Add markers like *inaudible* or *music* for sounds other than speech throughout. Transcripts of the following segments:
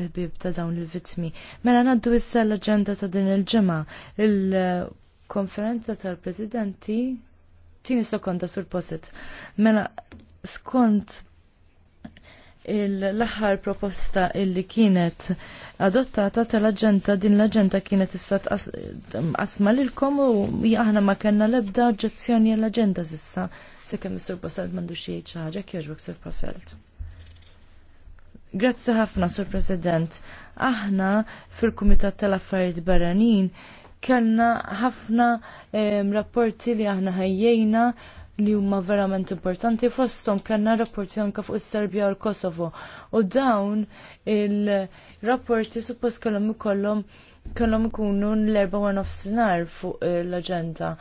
l-ħbib ta' dawn il-vitmi. Mela naddu issa l-agenda ta' din il-ġemma. Il-konferenza tal-presidenti tini sokonta sur posit. Mela skont l-aħħar proposta illi kienet adottata tal-agenda din l-agenda kienet issa asma l-kom u aħna ma kellna l-ebda oġġezzjoni l-agenda sissa. Sekemm is-sur Poselt m'għandux jgħid xi ħaġa sur Poselt. Grazzi ħafna, Sur President. Aħna fil-Kumitat tal-Affarijiet Barranin kellna ħafna rapporti li aħna ħajjejna li huma verament importanti fosthom kellna rapporti anke fuq is-Serbja u l-Kosovo. U dawn il-rapporti suppost kellhom ikollhom kellhom ikunu l-erba wara nofsinhar fuq eh, l-aġenda.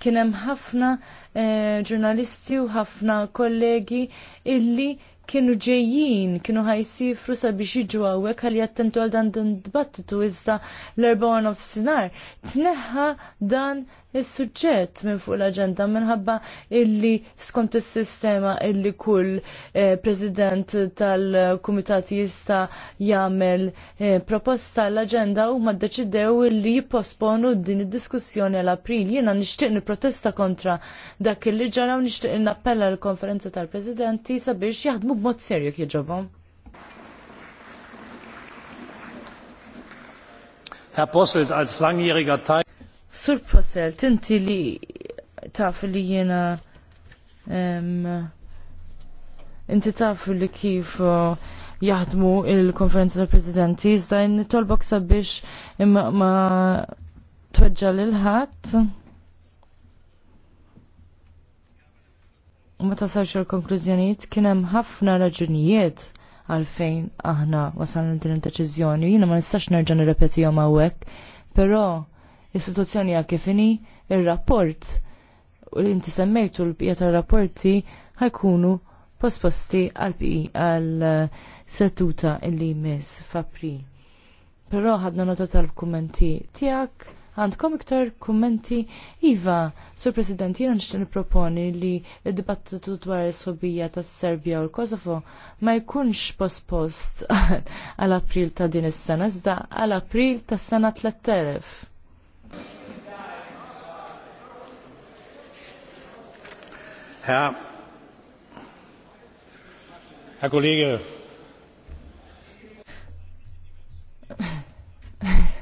Kien hemm ħafna eh, ġurnalisti u ħafna kollegi illi kienu ġejjin, kienu ħajsifru sabiex jiġu għawek għal jattentu għal dan dan dibattitu iżda l-erbawan of sinar. Tneħħa dan il-sujġet minn fuq l-agenda minħabba illi skont il-sistema illi kull eh, president tal-komitat jista jagħmel eh, proposta l-agenda u ma deċidew illi jipposponu din id-diskussjoni għal april jiena nixtieq protesta kontra dak illi ġara u nixtieq nappella l-konferenza tal-presidenti sabiex jaħdmu b'mod serju kieġobom. Herr Posselt, als langjähriger Teil. Sur Posselt, inti li taf li jena inti taf li kif uh, jaħdmu il-konferenza tal presidenti iżda jinn tolbok sabiex imma ma tweġġa l-ħat. ma tasawx il konklużjonijiet kien hemm ħafna raġunijiet għalfejn aħna wasalna din id-deċiżjoni. Jiena ma nistax nerġa' nirrepetihom hawnhekk, però is-sitwazzjoni hija kif inhi ir-rapport u li inti semmejtu l-bqija tar-rapporti ħajkunu posposti għal għal-setuta eh, illi jmiss f'April. Però ħadna nota tal-kummenti tiegħek għandkom iktar kummenti Iva, Sur President, jina nishtin proponi li id-dibattitu dwar is-sobija tas serbja u l-Kosovo ma jkunx pospost *laughs* għal april ta' din is-sena, iżda għal april tas sena 3000. Herr, Herr Kollege, *laughs*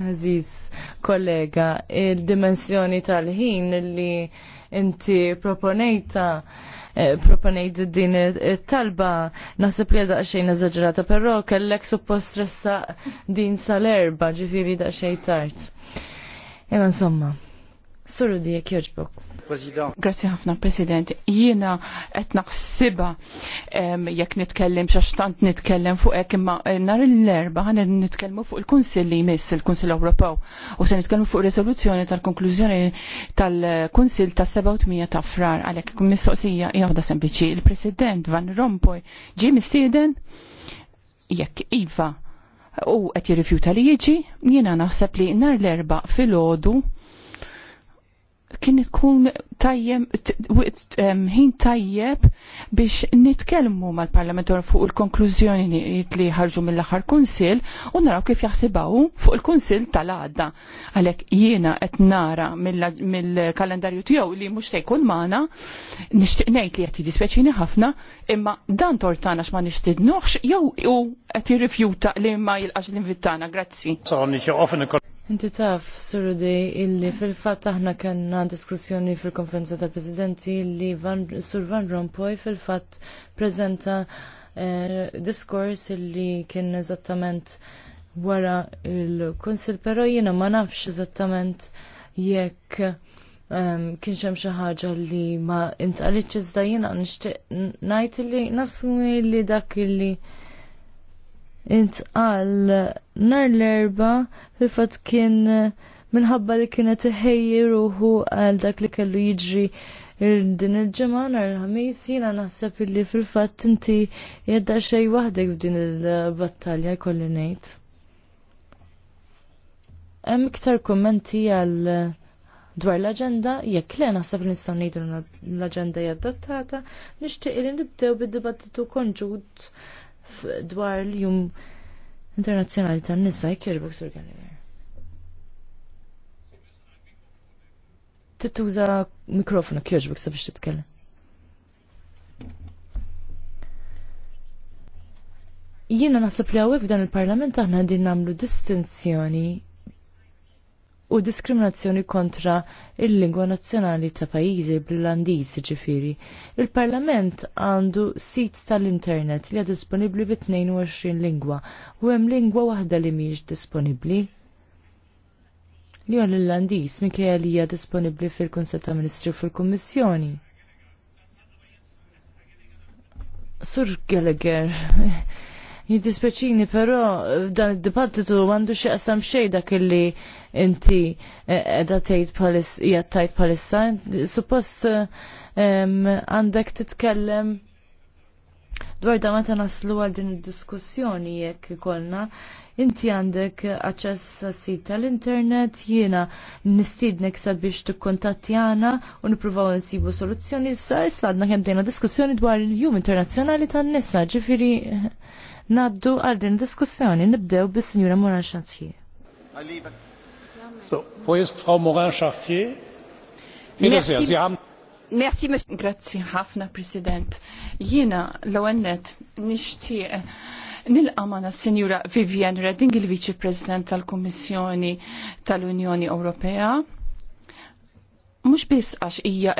Aziz, kollega il-dimensjoni tal-ħin li inti proponejta eh, proponejt din it-talba naħseb li daqxej eżaġerata, però kellek suppost ressa din sal-erba ġifiri daqxej tard. Imma insomma, surru dijek joġbok. President. Grazie ħafna, President. Jiena qed naħsiba jekk nitkellem xaxtant nitkellem fuq hekk imma eh, nhar l-erba' ħan nitkellmu fuq il-Kunsill li jmiss il-Kunsill Ewropew u se nitkellmu fuq resoluzzjoni tal-konklużjoni tal-Kunsill ta' 7 ta' frar għalhekk mistoqsija hija sempliċi. Il-President Van Rompuy ġie mistieden jekk iva u qed jirrifjuta li jiġi, jiena naħseb li nhar l-erba' filgħodu kien ikun tajjem, ħin tajjeb biex nitkellmu mal parlament fuq il-konklużjoni li ħarġu mill-aħħar kunsil u naraw kif jaħsibaw fuq il-kunsil tal-għadda. Għalek jiena qed nara mill-kalendarju tiegħu li mhux se jkun magħna, nixtieq ngħid li qed jidispeċini ħafna, imma dan tortana x'ma nixtieqnuhx jew qed jirrifjuta li ma jilqax l-invittana. Grazzi. Inti taf, Surudi, illi fil-fat aħna kanna diskussjoni fil-konferenza tal presidenti illi Van, Sur Van Rompuy fil-fat prezenta eh, diskors illi kien eżattament wara il-Kunsil, pero jiena ma nafx eżattament jekk um, kien xem xi ħaġa li ma intqalitx iżda jiena nixtieq najt illi nasmi li dak illi intqal nar l-erba fil-fat kien minħabba li kienet iħejji ruħu għal dak li kellu jiġri din il-ġemma nar l ħamis jina naħseb illi fil-fatt inti jedda xej wahdek f'din il-battalja jkolli ngħid. Hemm iktar kummenti għal dwar l-aġenda, jekk le naħseb li nistgħu ngħidu l-aġenda hija adottata, nixtieq li nibdew bid-dibattitu konġut dwar l-jum internazzjonali tan-nisa jkjerbok sur Gallagher. Tittuża mikrofonu kjoġbok sabiex titkellem. Jiena naħseb li hawnhekk f'dan il-Parlament aħna din nagħmlu distinzjoni u diskriminazzjoni kontra il-lingwa nazzjonali ta' pajjiżi bl-Irlandiż ġifiri. Il-Parlament għandu sit tal-internet li għad disponibli bi 22 lingwa u hemm lingwa waħda li mhijiex disponibbli. Li għal l-Irlandiż minkejja li hija disponibbli fil-Kunsell ta' Ministri fil-Kummissjoni. Sur Gallagher, Jiddispeċini, però dan id-dibattitu għandu xie qasam xejn dak li inti eh, edha tgħid palis hija tajt palissa. Suppost għandek titkellem dwar da meta naslu għal din id-diskussjoni jekk kolna, inti għandek aċċess sit tal-internet, jiena t sabiex għana u nippruvaw nsibu soluzzjoni issa issa għadna kemm dejna diskussjoni dwar il-Jum Internazzjonali tan-nisa, ġifiri naddu għal din diskussjoni nibdew bis-Sinjura Moran Chantier. So, wo Frau Moran Merci, Sie ħafna, President. Jiena l-għennet nishtiq nil-għamana Senjura Vivian Redding, il-Vice President tal-Kommissjoni tal-Unjoni Ewropea. Mux bis għax ija